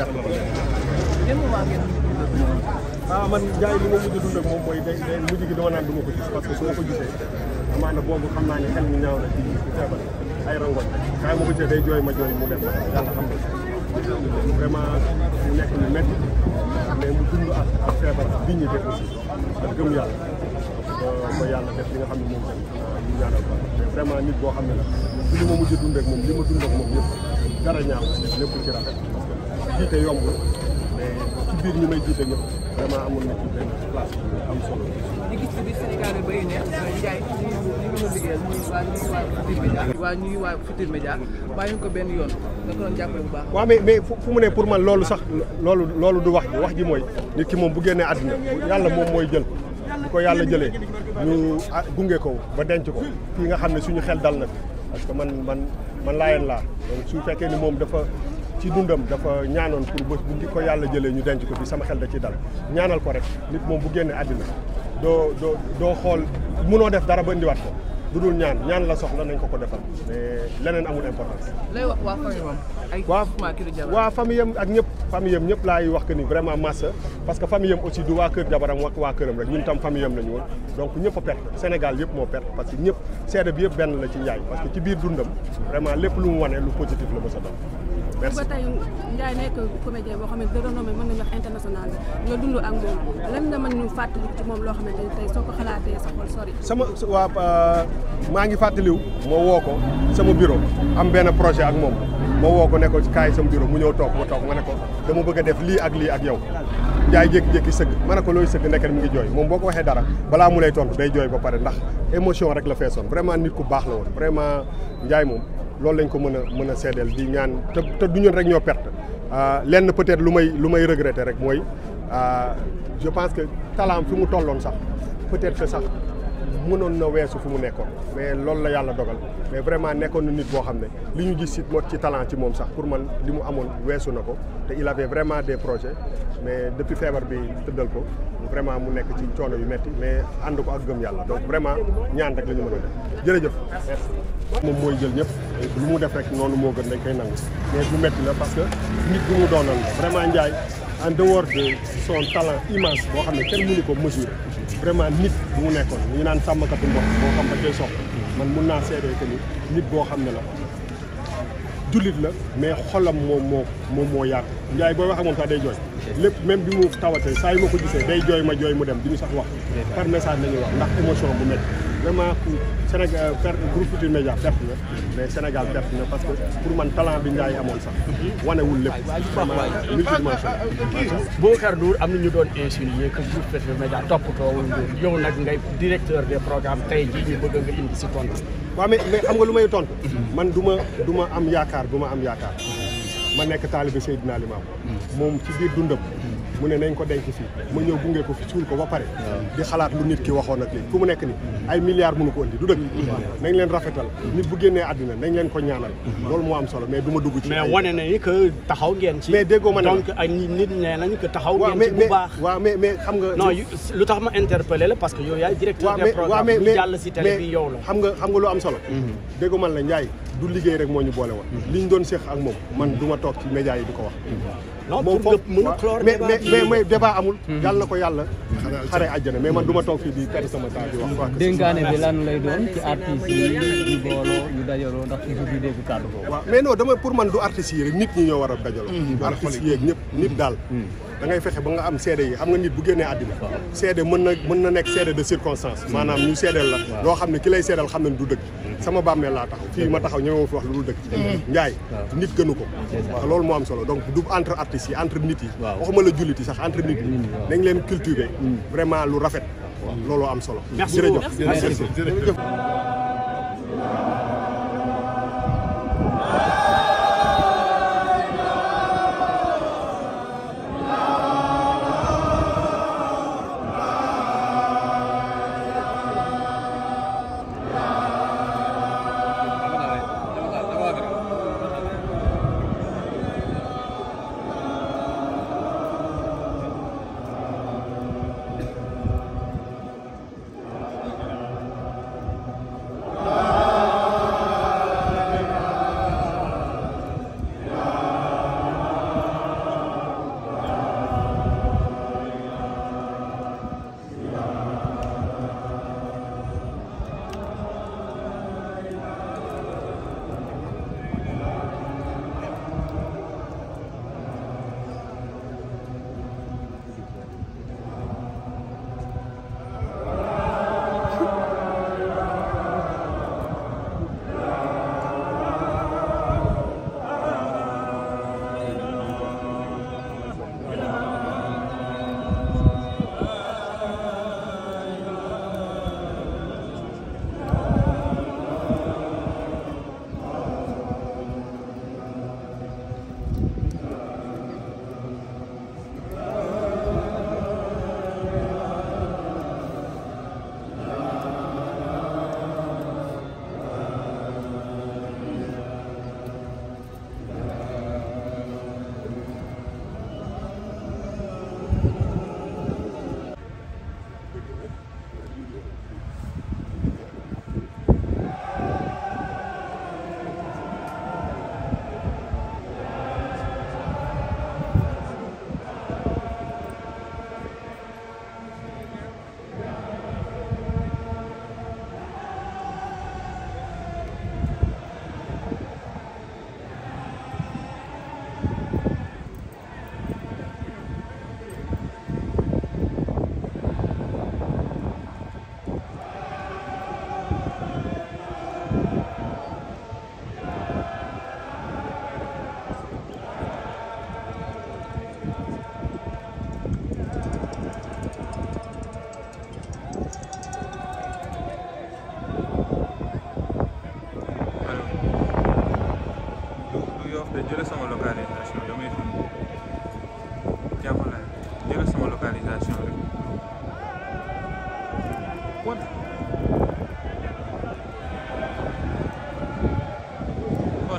ah man jaay li ma mujj dund ak moom mooy day day mujj gi dama naan du ma ko gis parce que su ma ko gisee amaana boobu xam naa ne xel mi ñaaw na ci feebar ay rangoñ kaay ma ko gisee day jooy ma jooy mu dem yàlla xam na vraiment mu nekk lu métti mais mu dund ak ak feebar bi ñu def aussi ak gëm yàlla euh, ba yàlla def li nga xam ne moom tamit euh, ñu ñaanal ko mais vraiment nit boo xam ne la li ma mujj dund ak moom li ma dund ak moom yëpp dara ñaaw lépp ci rafet jiite yombul mais may jiite ñëpp vraiment amoon na ci am solo. ñu gis ci biir Sénégal ñu ñu mën liggéeyal muy waa ko benn yoon nga ko doon jàppale bu baax. waaw mais fu mu ne pour man loolu sax loolu loolu du wax ji wax ji mooy nit ki moom bu génnee àddina yàlla moom mooy jël. bu ko yàlla jëlee ñu ah, gunge ko ba denc ko fii nga xam ne suñu xel dal na fi parce que man man man laayeen laa donc fekkee ni moom dafa ci dundam dafa ñaanoon pour bés bu ngi ko yàlla jëlee ñu denc ko fi sama xel da ci dal ñaanal ko rek nit moom bu génne àddina doo doo doo xool mënoo def dara ba indiwaat ko du dul ñaan ñaan la soxla nañ ko ko defal mais leneen amul importance. lay wax waa famille am ay waa famille am ak ñëpp famille am ñëpp laay wax que ni vraiment massa parce que famille am aussi du waa kër jabaram waa këram rek ñun tam famille am la ñu woon donc a perte Sénégal yëpp moo perte parce biir dundam vraiment lépp lu mu wane lu positif la mos merci ba tey xam ne de renommée mën nañu wax international nga dund ak moom lan nga mën ñu fàttali ci moom loo xamante ni sama waa euh, maa ngi fàttaliw moo woo ko sama bureau am benn projet ak moom moo woo ko ne ko kaay sama bureau mu ñëw toog ma toog ma ne ko dama bëgg a def lii ak lii ak yow. Njaay jékki-jékki sëgg ma ne ko loo sëgg nekkat mi ngi jooy moom boo ko waxee dara balaa mu lay tontu day jooy ba pare ndax émotion rek la feesoon vraiment nit ku baax la woon vraiment Njaay moom. loolu lañ ko mën a mën a seedeel di ñaan te te du ñun rek ñoo perte ah, lenn peut-être lu may lu may regretter rek mooy ah, je pense que talaam fi mu tolloon sax peut-être que sax mënoon na weesu fu mu nekkoon mais loolu la yàlla dogal mais vraiment nekkoon na nit boo xam ne li ñu gis ci mot ci talent ci moom sax pour man li mu amoon weesu na ko te il avait vraiment des projet mais depuis feebar bi tëddal ko vraiment mu nekk ci coono yu metti mais ànd ko ak gëm yàlla donc vraiment ñaan rek la ñu mën a def jërëjëf. moom mooy jël ñëpp lu mu def rek noonu moo gën dañ koy nangu mais bu metti la parce que nit bu mu doonal vraiment Ndiaye en dehors de son talent immense boo xam ne kenn ko mesurer. vraiment nit bu mu nekkoon ñu naan sàmmkatu mboq boo xam dañ koy soxla man mun naa seedee que ni nit boo xam ne la jullit la mais xolam moom moo moom moo yaatu Ndiaye booy wax ak moom sax day jooy lépp même bi mu tawatee saa yu ma ko gisee day jooy ma jooy mu dem duñu sax wax par message la ñuy wax ndax émotion bu métti vraiment ku Sénégal perte groupe Futurs Médias perte na mais Sénégal perte na parce que pour man talent bi Ndiaye amoon sax wanewul lépp multidimension Boubacar Ndour am na ñu doon insinué que groupe Futurs Médias toppatoowul Ndour yow directeur des programmes tey jii ñu bëgg nga si tontu waaw mais lu may tontu man du ma du ma am yaakaar du ma am yaakaar ma nekk taalibe Seydina Limaamu hmm. moom ci biir dundam mu ne nañ ko denc fii ma ñëw gunge ko fi suul ko ba pare di xalaat lu nit ki waxoon ak lii fu mu nekk ni ay mu mënu ko indi du dëkk nañ leen rafetal nit bu génnee àddina nañ leen ko ñaanal loolu moo am solo mais du ma dugg ci mais wane na ni que taxaw ngeen ci mais déggoo ma ne taxaw ngeen ci bu baax waaw mais mais nga non lu tax ma interpellé la parce que yow yaay directeur des programmes bi jàll si télé bi yow la xam nga xam nga lu am solo mhm. déggoo man la Ndiaye du liggéey rek moo ñu boole woon mhm. liñ doon séq ak moom man du ma toog ci média yi di ko wax mhm. non pour nga mais mais mais débat amul. Hmm. yàlla ko yàlla. xare àjjana mais man du ma toog fii di perte sama temps di wax. waaw dénkaane bi ñu booloo ñu dajaloo ndax toujours ñu dégg kàddu boobu. waaw mais non dama pour man du artistes yi nit ñi ñoo war a dajaloo. Hmm, artistes yeeg ñëpp nit daal. Hmm. da ngay fexe ba nga am seede yi xam nga nit bu génnee àddina. seede mën na mën na nekk seede de circonstance. maanaam ñu seedeel la. loo xam ne ki lay seedeel xam ne du dëgg sama bàmmeel laa taxaw fii ma taxaw ñëwoo fi wax lu dul dëgg eh. njaay nit gënu ko waaw loolu moo am solo donc du entre artistes yi entre nit yi waxuma la jullit yi sax entre nit yi mm, nañ leen cultiver mm. vraiment lu rafet looloo am solo jërëjëf jërëjëf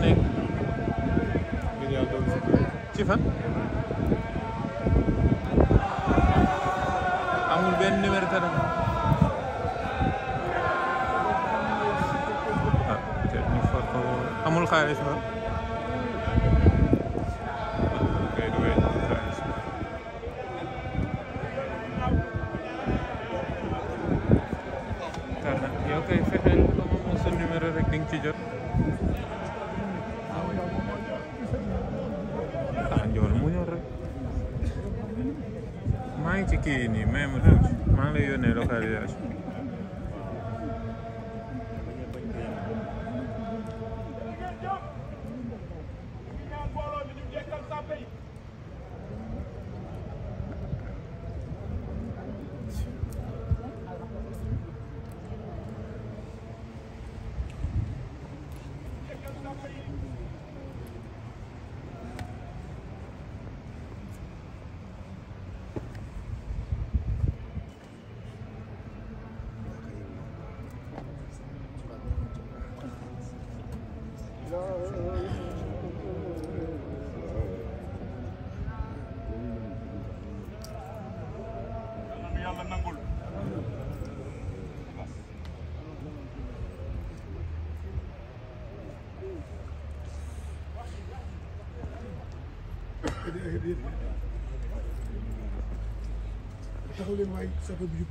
nekk ngir yàlla doon ci fan amul benn numéro téléphone ah te ñu far ko amul xaalis na yow kay fexeel ba mu sa numéro rek di nga ci jot kii nii même maa ngi lay yónnee localisation taxaw leen waaye saako bi jub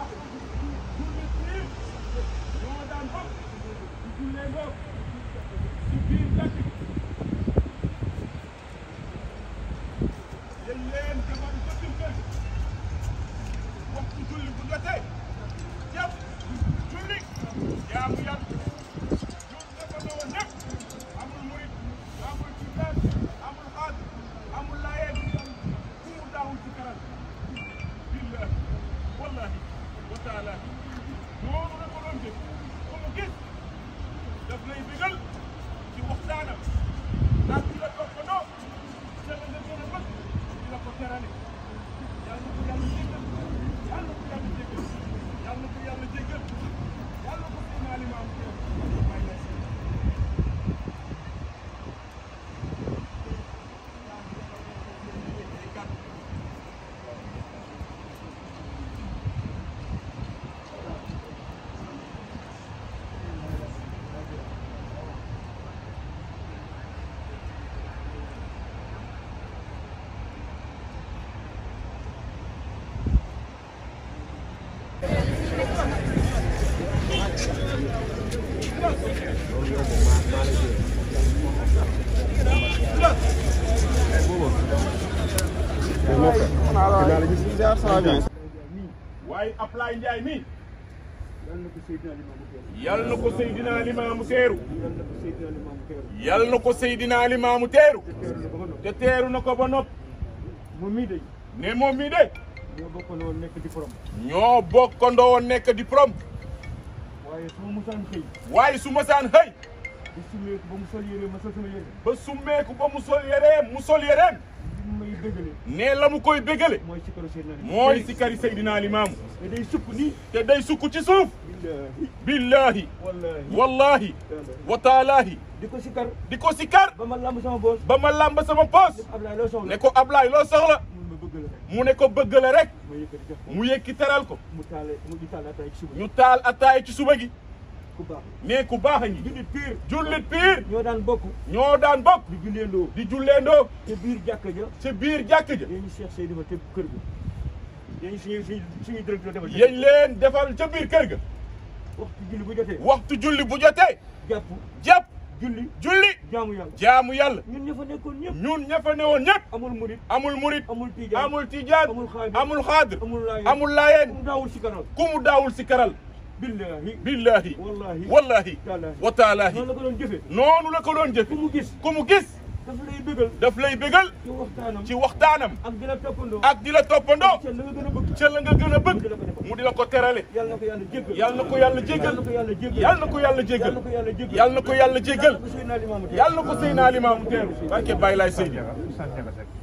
Thank you. waaye Ablaye yal na ko Seydina Limaamu teeru yal na ko Seydina Limaamu teeru te teeru na ko ba nopp moom mii ne moom mii ñoo bokkandoo nekk di waaye su ma mosaan xëy. waaye su ma mosaan xëy. ba summeeku ba mu sol yéreem ma ba summeeku ba mu sol yéreem mu sol yéreem. may la mu koy bëggale. mooy sikari Seydina Limaamu. mooy sikari Seydina Limaamu. te day sukk nii. te day sukk ci suuf. billahi. wallahi wallahi. wa taalaahi. di ko sikar. di ko sikar. ba ma lamb sama ba ma lamb sama poos. ne ko Ablaye loo soxla. mu ne ko bëgg la rek mu yëkki teral ko ñu taal ataay ci suba gi mais ku baax a ngi jullit piir jullit ñoo daan bokk ñoo daan bokk di julleendoo di julleendoo ca biir jàkka ja ca biir jàkka ja yéen ñu Cheikh Seydi defal ca kër ga yéen suñu suñu directeur defal yéen leen defal ca biir kër ga waxtu julli bu jotee waxtu julli bu jotee jàpp jàpp julli julli jaamu yàlla jaamu yàlla ñun ña fa nekkoon ñëpp ñun ña fa newoon ñëpp amul murit amul murit amul tijaan amul tijaan amul xaadir amul laayeen ku mu daawul si karal ku mu daawul si karal billahi billahi wallahi wallahi wa taalaahi noonu la ko doon jëfe noonu la ko doon jëfe ku mu gis ku mu gis daf lay bégal daf lay bégal ci waxtaanam ak di la toppandoo ak di la toppandoo ca la nga gën a bëgg mu di la ko terale yal na ko yàlla jéggal yal na ko yàlla jéggal yal na ko yàlla jéggal yal na ko yàlla jéggal yal na ko Seydina Limaamu Teeru barke Baay Laay Seydi